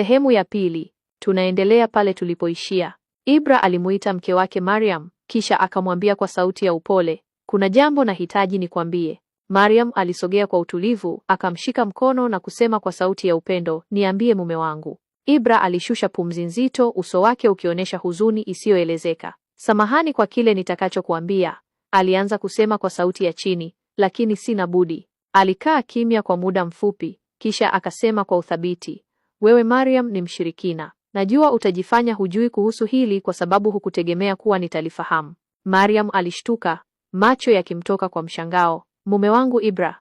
Sehemu ya pili. Tunaendelea pale tulipoishia. Ibra alimuita mke wake Mariam, kisha akamwambia kwa sauti ya upole, kuna jambo nahitaji nikwambie. Mariam alisogea kwa utulivu, akamshika mkono na kusema kwa sauti ya upendo, niambie mume wangu. Ibra alishusha pumzi nzito, uso wake ukionyesha huzuni isiyoelezeka. Samahani kwa kile nitakachokuambia, alianza kusema kwa sauti ya chini, lakini sina budi. Alikaa kimya kwa muda mfupi, kisha akasema kwa uthabiti, wewe Mariam ni mshirikina. Najua utajifanya hujui kuhusu hili kwa sababu hukutegemea kuwa nitalifahamu. Mariam alishtuka, macho yakimtoka kwa mshangao. Mume wangu Ibra,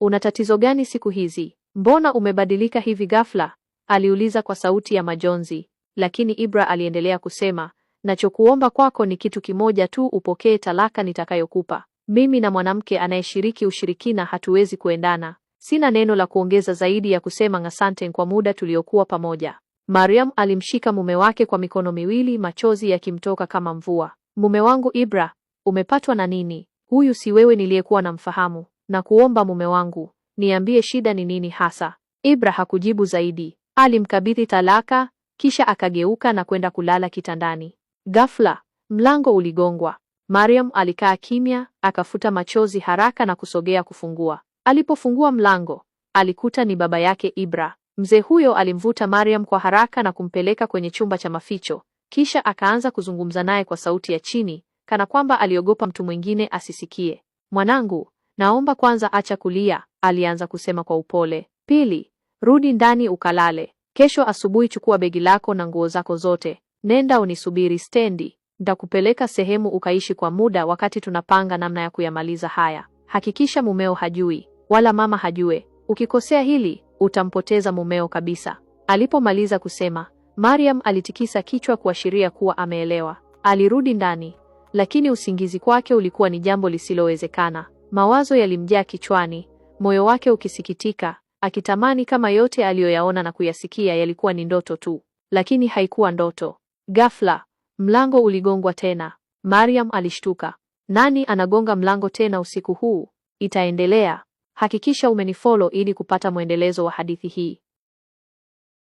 una tatizo gani siku hizi? Mbona umebadilika hivi ghafla? aliuliza kwa sauti ya majonzi. Lakini Ibra aliendelea kusema, nachokuomba kwako ni kitu kimoja tu, upokee talaka nitakayokupa. Mimi na mwanamke anayeshiriki ushirikina hatuwezi kuendana. Sina neno la kuongeza zaidi ya kusema asante kwa muda tuliokuwa pamoja. Mariam alimshika mume wake kwa mikono miwili, machozi yakimtoka kama mvua. Mume wangu Ibra, umepatwa na nini? Huyu si wewe niliyekuwa namfahamu. Na kuomba mume wangu, niambie shida ni nini hasa? Ibra hakujibu zaidi, alimkabidhi talaka, kisha akageuka na kwenda kulala kitandani. Ghafla mlango uligongwa. Mariam alikaa kimya, akafuta machozi haraka na kusogea kufungua. Alipofungua mlango, alikuta ni baba yake Ibra. Mzee huyo alimvuta Mariam kwa haraka na kumpeleka kwenye chumba cha maficho, kisha akaanza kuzungumza naye kwa sauti ya chini, kana kwamba aliogopa mtu mwingine asisikie. Mwanangu, naomba kwanza acha kulia, alianza kusema kwa upole. Pili, rudi ndani ukalale. Kesho asubuhi chukua begi lako na nguo zako zote, nenda unisubiri stendi, ndakupeleka sehemu ukaishi kwa muda, wakati tunapanga namna ya kuyamaliza haya. Hakikisha mumeo hajui wala mama hajue. Ukikosea hili utampoteza mumeo kabisa. Alipomaliza kusema, Mariam alitikisa kichwa kuashiria kuwa ameelewa. Alirudi ndani, lakini usingizi kwake ulikuwa ni jambo lisilowezekana. Mawazo yalimjaa kichwani, moyo wake ukisikitika, akitamani kama yote aliyoyaona na kuyasikia yalikuwa ni ndoto tu. Lakini haikuwa ndoto. Ghafla, mlango uligongwa tena. Mariam alishtuka. Nani anagonga mlango tena usiku huu? Itaendelea. Hakikisha umenifollow ili kupata mwendelezo wa hadithi hii.